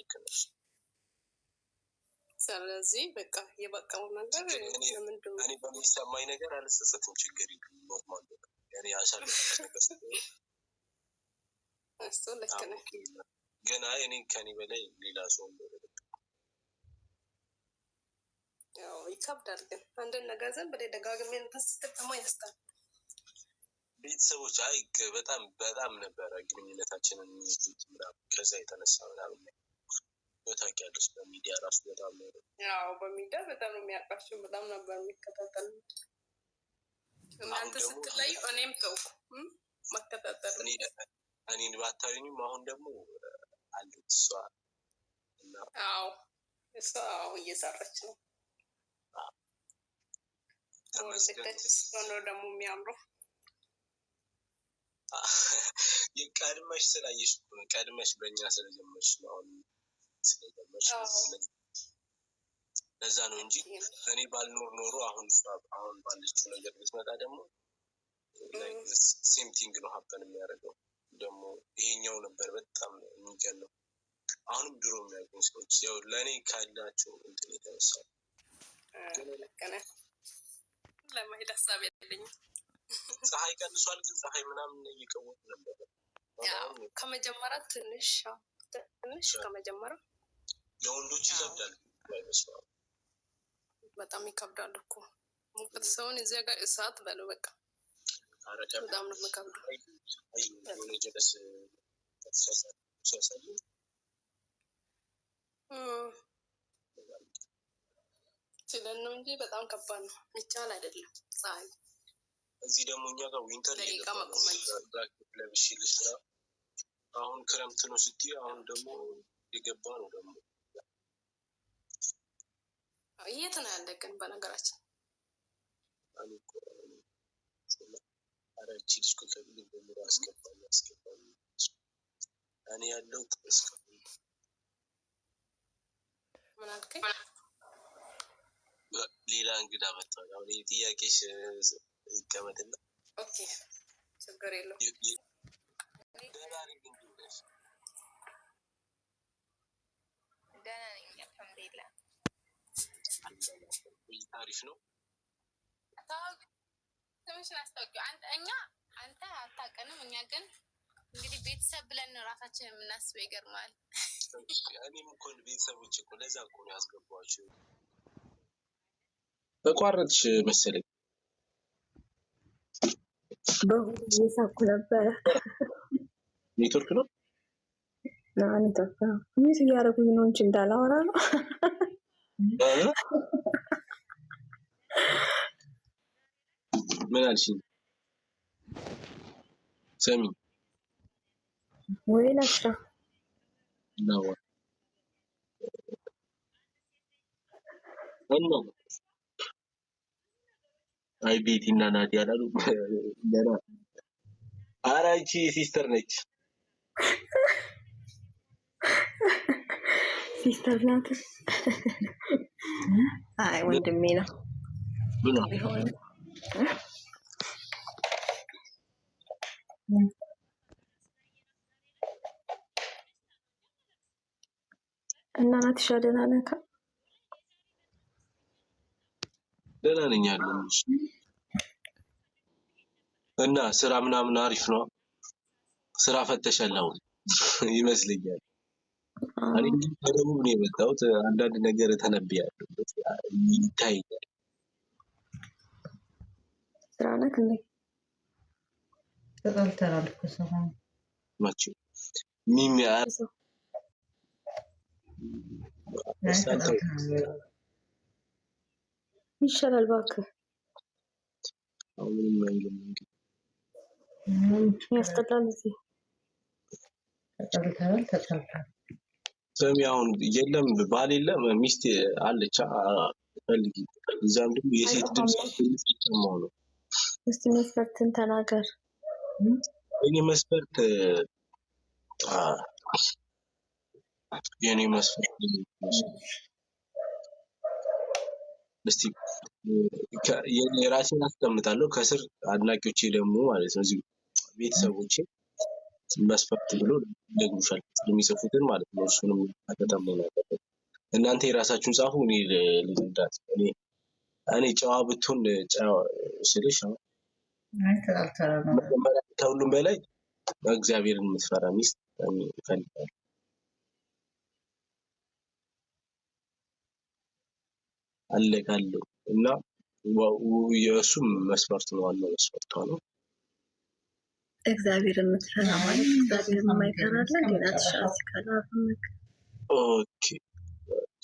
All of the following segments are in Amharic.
ልክ ነሽ። ስለዚህ በቃ የበቃው ነገር እኔ በሚሰማኝ ነገር አልሰሰትም። ችግር ኖርማል እኔ ግን አይ እኔ ከኔ በላይ ሌላ ሰው ይከብዳል። ግን አንድን ነገር ዘን በላይ ደጋግሜ ስትጠቀመው ያስታል። ቤተሰቦች አይ በጣም በጣም ነበረ ግንኙነታችንን ከዛ የተነሳ ምናምን ታውቂያለሽ። በሚዲያ ራሱ በጣም ያው በሚዲያ በጣም ነው የሚያውቃቸው። በጣም ነበር የሚከታተል እናንተ ስትለዩ እኔም ተውኩ መከታተሉ። እኔን ባታዩኝም አሁን ደግሞ አለች እሷ። አዎ እሷ አሁን እየሰራች ነው። ወደደች ሆኖ ደግሞ የሚያምሩ ቀድመሽ ስላየሽ ቀድመሽ በእኛ ስለጀመርሽ ነው አሁን ለዛ ነው እንጂ እኔ ባልኖር ኖሮ አሁን አሁን ባለችው ነገር ብትመጣ ደግሞ ሴም ቲንግ ነው ሀበን የሚያደርገው። ደግሞ ይሄኛው ነበር በጣም የሚገለው። አሁንም ድሮ የሚያገኝ ሰዎች ያው ለእኔ ካላቸው እንትን የተነሳ ለመሄድ ሀሳብ ያለኝም ፀሐይ ቀንሷል። ግን ፀሐይ ምናምን እየቀወጡ ነበር ከመጀመሪያ ትንሽ ትንሽ ከመጀመሪያ ለወንዶች ይከብዳል። በጣም ይከብዳል እኮ ሙቀት ሰውን እዚያ ጋር እሳት በለው በቃ በጣም ነው የሚከብደው። ችለን ነው እንጂ በጣም ከባድ ነው፣ ሚቻል አይደለም ፀሐይ። እዚህ ደግሞ እኛ ጋር ዊንተር ደቂቃ መቆመን ለብሽ ልስራ አሁን ክረምት ነው ስትይ አሁን ደግሞ የገባ ነው ደግሞ የት ነው ያለ ግን በነገራችን ያለው ሌላ እንግዳ መጥቷል። አሁን ጥያቄሽ ይቀመጥና ችግር የለውም ቆይታ አሪፍ ነው። ሰዎችን አስታውቂው። እኛ አንተ አታውቅንም፣ እኛ ግን እንግዲህ ቤተሰብ ብለን ራሳችን የምናስበው ይገርማል። እኔም እኮ ቤተሰቦች እኮ ለዛ እኮ ነው ያስገባቸው። በቋረጥሽ መሰለኝ። እየሳኩ ነበረ። ኔትወርክ ነው ኔትወርክ ነው። ሚስ እያደረጉኝ ነው እንጂ እንዳላወራ ነው Medellín. Semi. hasta. No, bueno. Ay, Viti, nana, a la Ya Ahora hay sister Nech. Sister Ay, buen termino. No. እና ናትሻ ደህና ነህ? ደህና ነኝ አለሁ። እና ስራ ምናምን አሪፍ ነው። ስራ ፈተሻል አሁን ይመስለኛል። እኔ ከደቡብ ነው የመጣሁት። አንዳንድ ነገር ተነብያለሁ፣ ይታየኛል። ስራ ነክ እንዴ تقدر الكسران ماشي ميمي عارف ይሻላል እባክህ አሁንም መንገድ መንገድ ያስጠላል። እዚህ ተጠልተናል ተጠልተናል። ስሚ አሁን የለም ባል የለም ሚስት አለች ፈልጊ። እዛም ደግሞ የሴት ድምፅ ነው። እስቲ መስፈርትን ተናገር። የኔ መስፈርት የኔ መስፈርት እስቲ የራሴን አስቀምጣለሁ። ከስር አድናቂዎቼ ደግሞ ማለት ነው እዚህ ቤተሰቦቼ መስፈርት ብሎ ደግሞሻል የሚጽፉትን ማለት ነው። እሱንም አገጠመ እናንተ የራሳችሁን ጻፉ። እኔ ልንዳት እኔ እኔ ጨዋ ብትሆን ስልሽ ነው ከሁሉም በላይ በእግዚአብሔር የምትፈራ ሚስት ይፈልጋል። አለቃለሁ እና የእሱም መስፈርት ነው፣ ዋናው መስፈርቷ ነው። እግዚአብሔር የምትፈራ ማለት እግዚአብሔር የማይቀራለ ሌላ ትሻት ከላፍምክ ኦኬ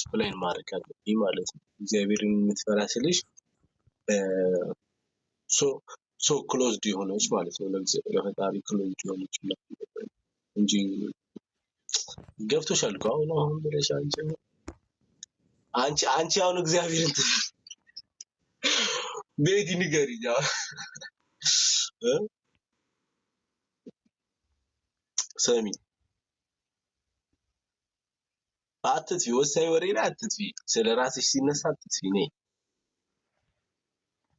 ስፕላይን ማድረግ አለብኝ ማለት ነው። እግዚአብሔርን የምትፈራ ስልሽ ሶ ክሎዝድ የሆነች ማለት ነው ለፈጣሪ ክሎዝድ የሆነች እንጂ ገብቶሻል እኮ አሁን አሁን ብለሽ አንቺ አንቺ አንቺ አሁን እግዚአብሔር ት ቤቲ ንገሪኝ ሰሚ አትትፊ ወሳኝ ወሬ ላይ አትትፊ። ስለ ራስሽ ሲነሳ አትትፊ ነይ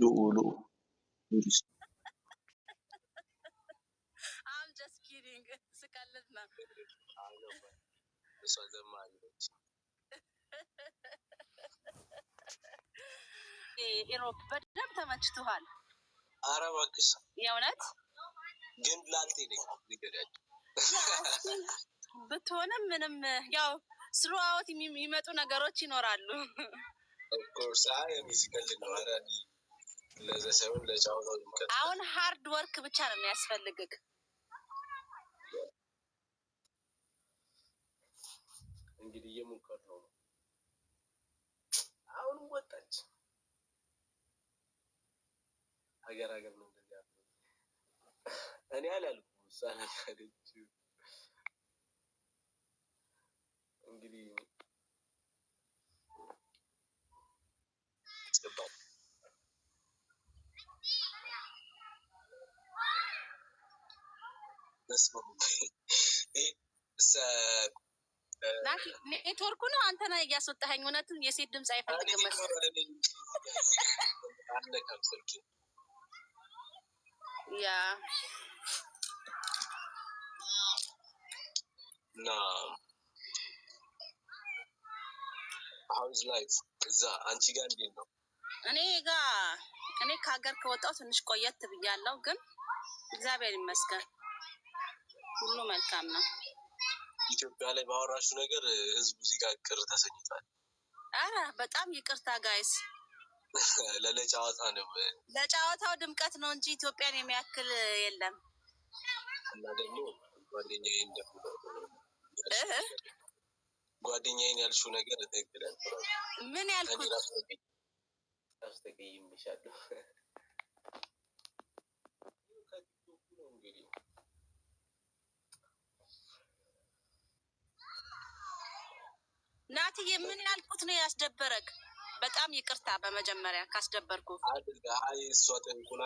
ልዑ ልዑ ኢሮብ በደንብ ተመችቶሃል። ኧረ እባክሽ የእውነት ግን ላጤ ነኝ ብትሆንም ምንም ያው ስሩአዎት የሚመጡ ነገሮች ይኖራሉ። ኦፍኮርስ የሚዚቀል ነው አሁን ሀርድ ወርክ ብቻ ነው የሚያስፈልግግ። እንግዲህ የሙቀተው ነው። አሁን ወጣች ሀገር ሀገር ነው እንደዚህ ያለ እኔ አላልኩም። ሳናች እንግዲህ ኔትወርኩ ነው አንተና እያስወጣኸኝ። እውነትም የሴት ድምፅ አይፈልግም ያ እና ሀውዝ ላይፍ እዛ አንቺ ጋር እንዴት ነው? እኔ ጋ እኔ ከሀገር ከወጣው ትንሽ ቆየት ብያለሁ፣ ግን እግዚአብሔር ይመስገን ሁሉ መልካም ነው። ኢትዮጵያ ላይ ባወራችሁ ነገር ህዝቡ እዚህ ጋር ቅር ተሰኝቷል። አረ በጣም ይቅርታ ጋይስ፣ ለጨዋታ ነው። ለጨዋታው ድምቀት ነው እንጂ ኢትዮጵያን የሚያክል የለም። እና ደግሞ ጓደኛዬን ጓደኛዬን ያልሽው ነገር ትክክል ምን ያልኩት ይሻለሁ እናትዬ ምን ያልኩት ነው ያስደበረግ? በጣም ይቅርታ በመጀመሪያ ካስደበርኩ። እሷ ጠንኩላ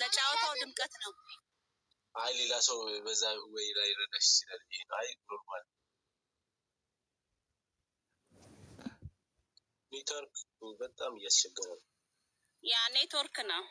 ለጨዋታው ድምቀት ነው። አይ ሌላ ሰው በዛ ወይ ላይ ረዳሽ ይችላል። አይ ኖርማል ኔትወርክ በጣም እያስቸገረ ነው። ያ ኔትወርክ ነው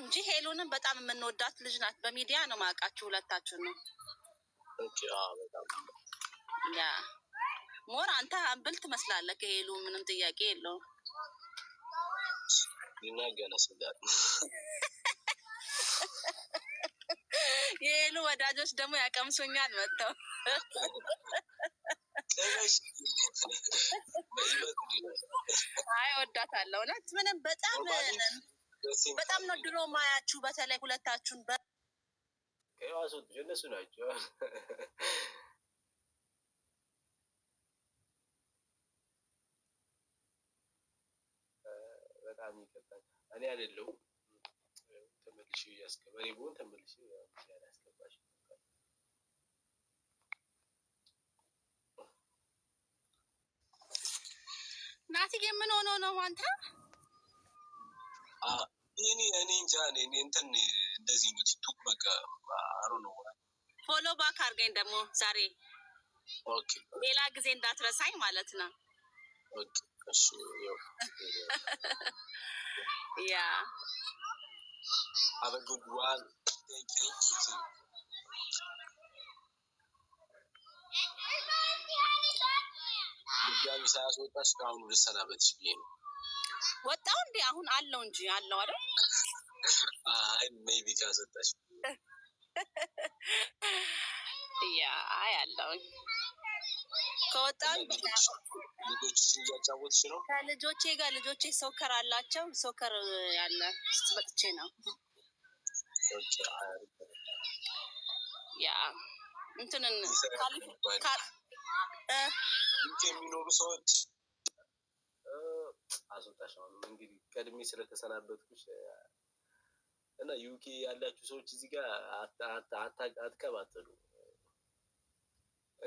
እንጂ ሄሉንም በጣም የምንወዳት ልጅ ናት። በሚዲያ ነው ማውቃችሁ ሁለታችሁ ነው ያ ሞር አንተ አንብል ትመስላለህ። ከሄሉ ምንም ጥያቄ የለውም። የሄሉ ወዳጆች ደግሞ ያቀምሱኛል መጥተው አይ ወዳታለሁ። እውነት ምንም በጣም በጣም ነው ድሮ ማያችሁ በተለይ ሁለታችሁን የዋሱት ብዙ እነሱ ናቸው። በጣም ይቀጣል። እኔ አይደለሁም ተመልሼ እያስገባ እኔ ብሆን ተመልሼ ያስገባሽ ናትዬ ምን ሆኖ ነው አንተ? እኔ እኔ እንጃ እኔ እንትን እንደዚህ ነው ቲክቶክ በቃ አሮ ነው። ፎሎ ባክ አድርገኝ ደግሞ ዛሬ ሌላ ጊዜ እንዳትረሳኝ ማለት ነው። ያ ድጋሚ ሰዓት ወጣ እስካሁን ልሰናበትሽ ነው ወጣው እንዲ አሁን አለው እንጂ አለው አይደል? አይ ሜቢ ካሰጠች ያ አይ አያለሁኝ ከወጣን ልጆች እያጫወትሽ ነው? ከልጆቼ ጋር ልጆቼ ሶከር አላቸው። ሶከር ያለ መጥቼ ነው። ያ እንትንን የሚኖሩ ሰዎች አስወጣሽ ነው እንግዲህ ቀድሜ ስለተሰናበትኩሽ እና ዩኬ ያላችሁ ሰዎች እዚህ ጋር አትቀባጥሉ።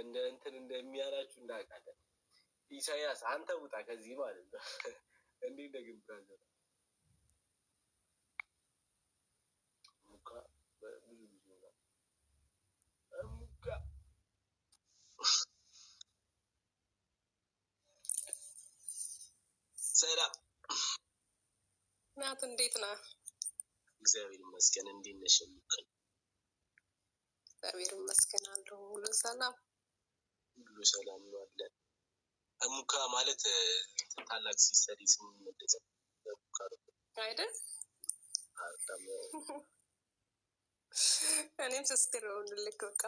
እንደ እንትን እንደሚያላችሁ እንዳውቃለን። ኢሳያስ አንተ ውጣ ከዚህ ማለት ነው። እንዴት ነህ ብራዘር? ሰላም ናት፣ እንዴት ነህ? እግዚአብሔር ይመስገን። እንዴት ነሽ? የሚከል እግዚአብሔር ይመስገን አለ። ሁሉ ሰላም፣ ሁሉ ሰላም ነው አለ ሙካ ማለት ታላቅ ሲሰሪ ስም መደጸ ሙካ አይደል? እኔም ስስትር ሆንልክ በቃ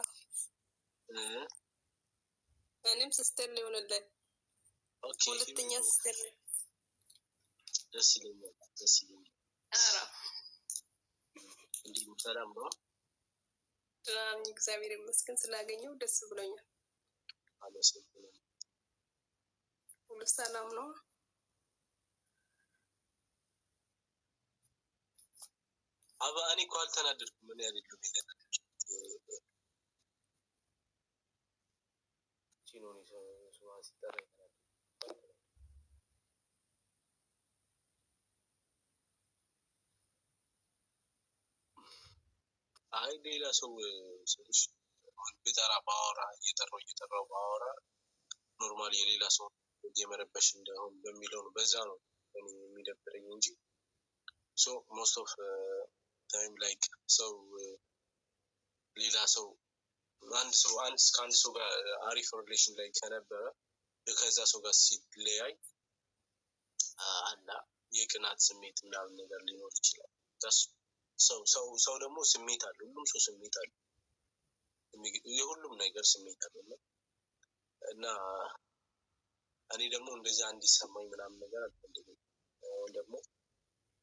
እኔም ስስትር ሊሆንልን ሁለተኛ ስስትር ደስ ይለኛል፣ ደስ ይለኛል። ሰላም ነው? ሰላም እግዚአብሔር ይመስገን። ስላገኘው ደስ ብሎኛል። ሁሉ ሰላም ነው? አባ እኔ እኮ አልተናደድኩም። ምን ያደሉ አይ ሌላ ሰው ሰዎች ብጠራ ባወራ እየጠራው እየጠራው ባወራ ኖርማል የሌላ ሰው እየመረበሽ እንደሆን በሚለው ነው። በዛ ነው እኔ የሚደብረኝ እንጂ ሶ ሞስት ኦፍ ታይም ላይክ ሰው ሌላ ሰው አንድ ሰው አንድ ከአንድ ሰው ጋር አሪፍ ሪሌሽን ላይ ከነበረ ከዛ ሰው ጋር ሲለያይ አላ የቅናት ስሜት ምናምን ነገር ሊኖር ይችላል። ሰው ሰው ሰው ደግሞ ስሜት አለ። ሁሉም ሰው ስሜት አለ። የሁሉም ነገር ስሜት አለ እና እኔ ደግሞ እንደዚህ እንዲሰማኝ ምናምን ነገር አልፈልግም። ደግሞ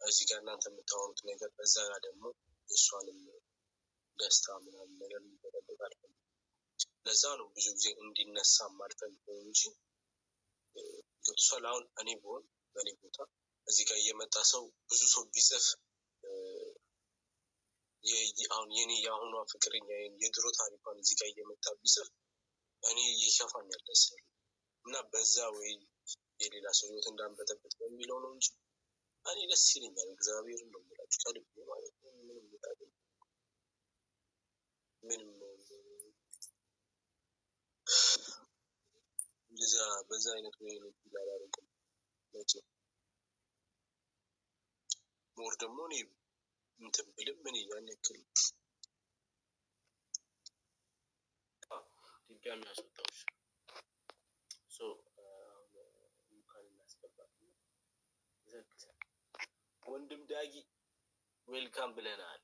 እዚህ ጋር እናንተ የምታወሩት ነገር በዛ ጋር ደግሞ የእሷንም ደስታ ምናምን ነገር የሚደረግ አልፈልግም። ለዛ ነው ብዙ ጊዜ እንዲነሳ አልፈልግም እንጂ ገብቷል። አሁን እኔ ብሆን በእኔ ቦታ እዚህ ጋር እየመጣ ሰው ብዙ ሰው ቢጽፍ አሁን የኔ የአሁኗ ፍቅረኛ የድሮ ታሪኳን እዚህ ጋር እየመጣ ቢጽፍ እኔ ይከፋኛል አይሰሩ እና በዛ ወይ የሌላ ሰው ህይወት እንዳንበጠበት በሚለው ነው እንጂ እኔ ደስ ይለኛል። እግዚአብሔር ነው የምላችሁ ከልብ ማለት ነው። ምንም ምንም በዛ አይነት ወይ ነው ላላረግ ሞር ደግሞ እኔ እንትን ብልም ምን እያን ያክል ኢትዮጵያ የሚያስወጣው ወንድም ዳጊ ዌልካም ብለናል።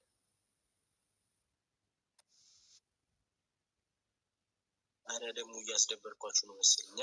አረ ደግሞ እያስደበርኳችሁ ነው መሰለኛ።